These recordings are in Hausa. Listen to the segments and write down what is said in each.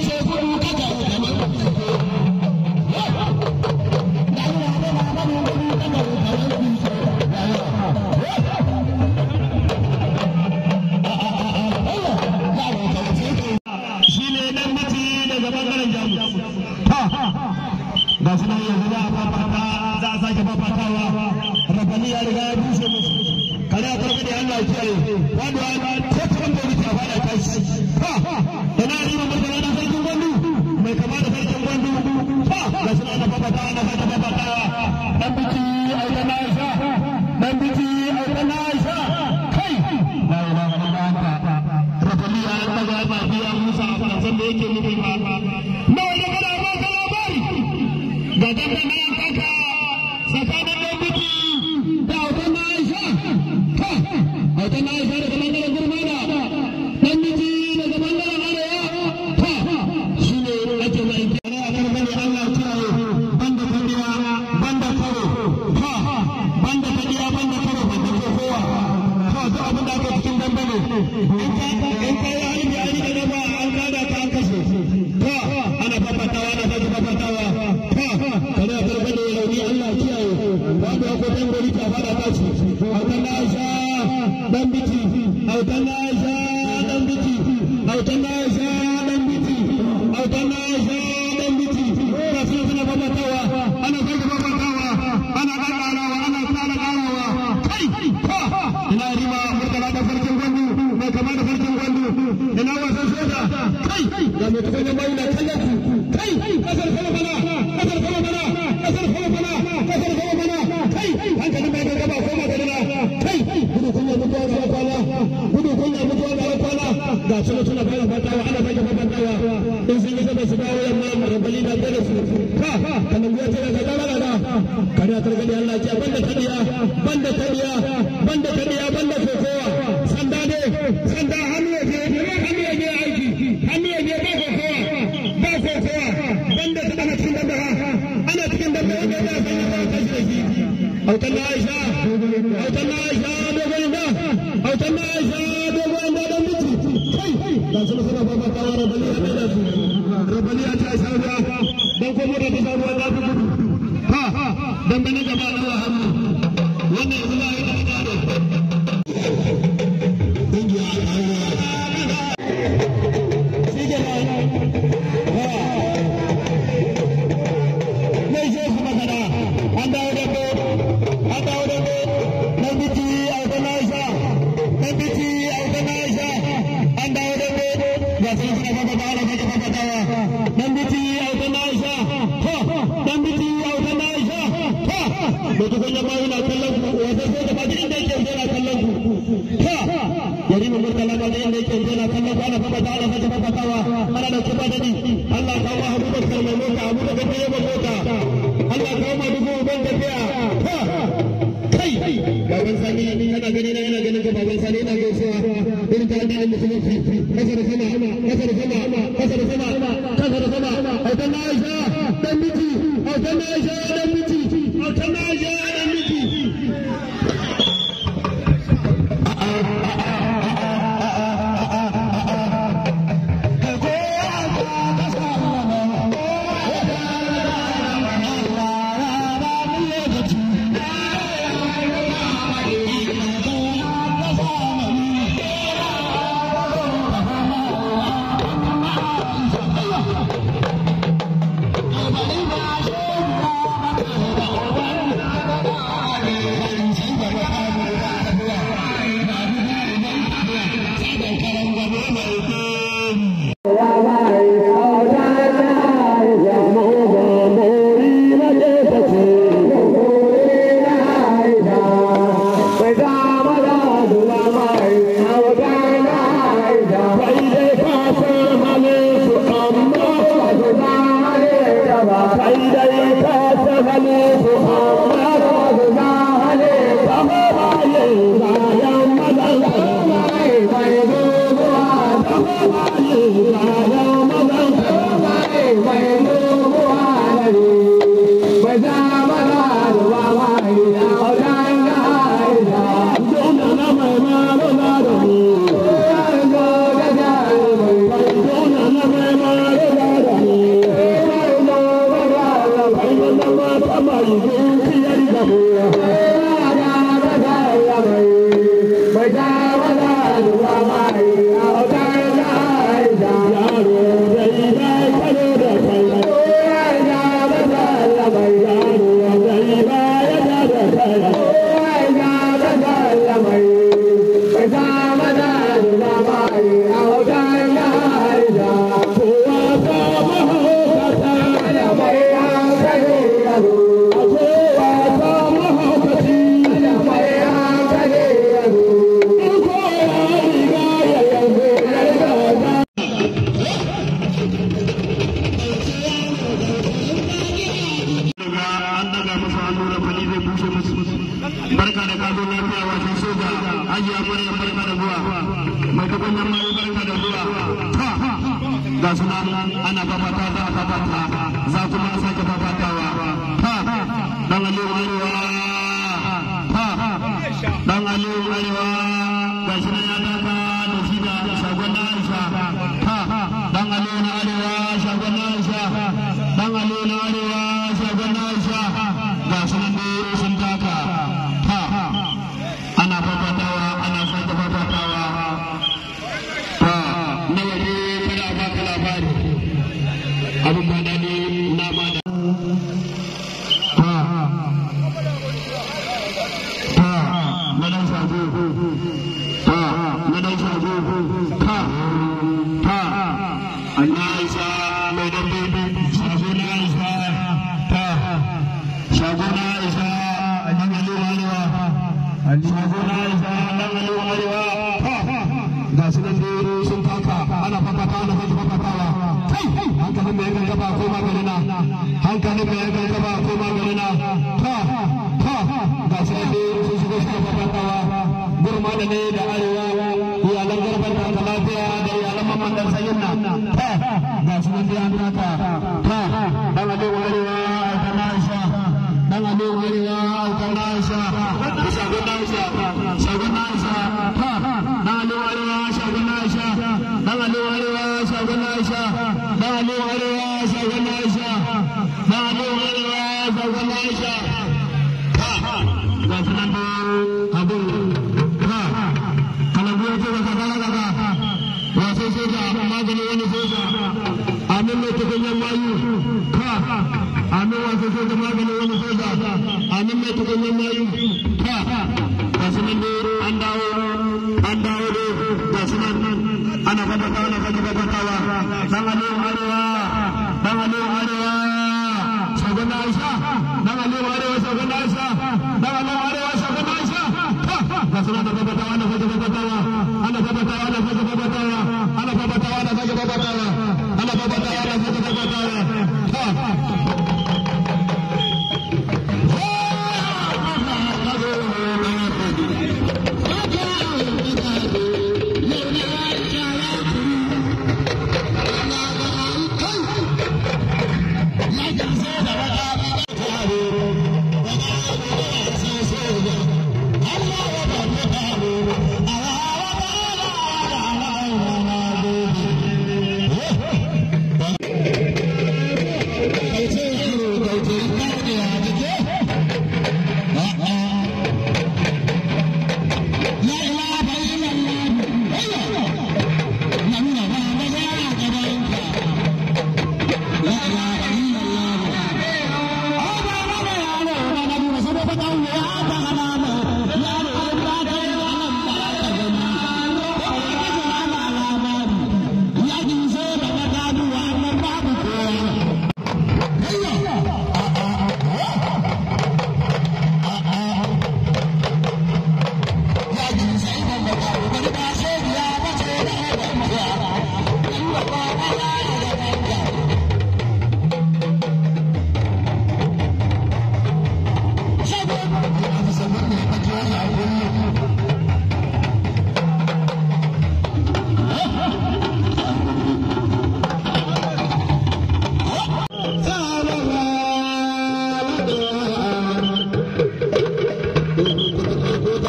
ce gudu kiyaye Allah ya kiyaye wanda ya ta tamba wuce a fada ta shi ha ina ni mutane na sarkin gwandu mai kama da sarkin gwandu ha ga suna na fafata ana fata fafata dan biki aika na isa dan biki aika na isa kai la ilaha illa ta rabbi ya ga ba biya musa a faransan da yake nufi ba na wani kana ba ka labari ga dandan kaka ga mai tukunyar mai na kallon ku kai kasar kama mana kasar kama mana kasar kama mana kasar kama mana kai hankalin mai ga gaba koma ga dana kai gudu ya mutuwa ga kwana gudu kunya mutuwa ga kwana ga su suna fara fatawa ana fage fatawa in sun yi gaba su dawo yamma rabbali na gane su ka kanan gobe da ga dana kada targade Allah ke banda kadiya banda kadiya banda kadiya autan aisha da aisha dogon da dan miji su da da da Tamaja Deputy, Tamaja Ay, ay, hajiya maryam barka da zuwa mai da zuwa ana fafata a fafata za sake fafatawa dan aliyu arewa dan aliyu da shi da shagon dan hankalin mai yakan kafa ko maganin na hankalin mai yakan kafa ko maganin na ta ta ga su ake sun shigo suka fafatawa gurma da ne da arewa iyalan garban da lafiya da iyalan mamman da sanyin na ta ga su nan an ta ta dan ade warewa alkan dan ade warewa alkan aisha shagon Anak itu kena mayu.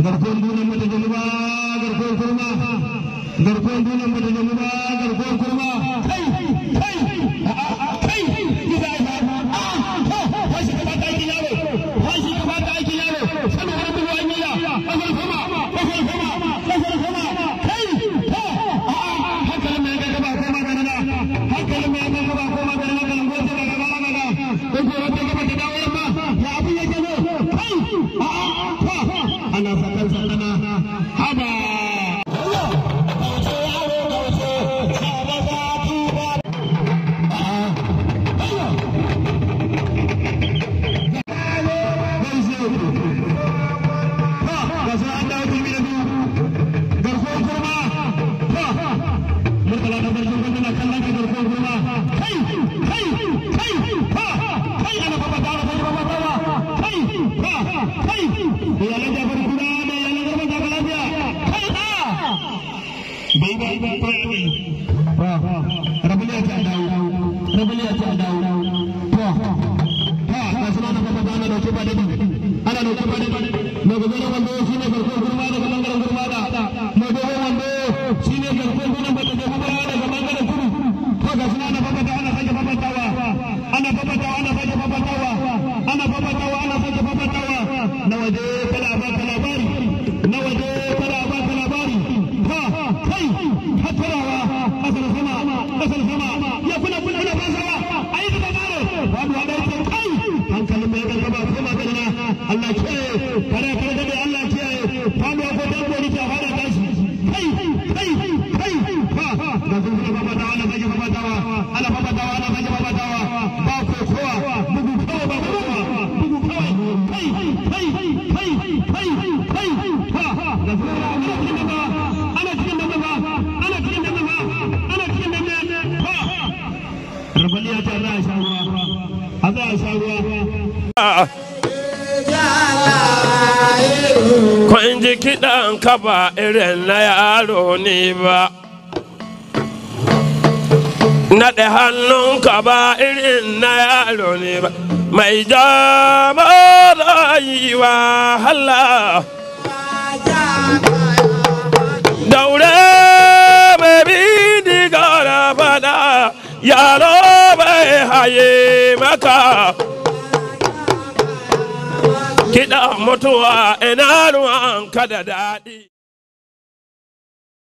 garkuwar dunan mata jamuba garkuwar kurma garkuwar dunan mata jamuba garkuwar kurma kai kai a'a lokuba daban ana lokuba daban mai kudu to ga ana babata ana sake babatawa ana babatawa ana sake babatawa ana babatawa ana sake kai Kwa kiɗan ka ba irin na yaro ne ba. naɗe hannunka ba irin na yaro ne ba mai jama rayuwa hala daure mai bi digara fada yaro bai haye maka kiɗa mutuwa ina ruwan ka da daɗi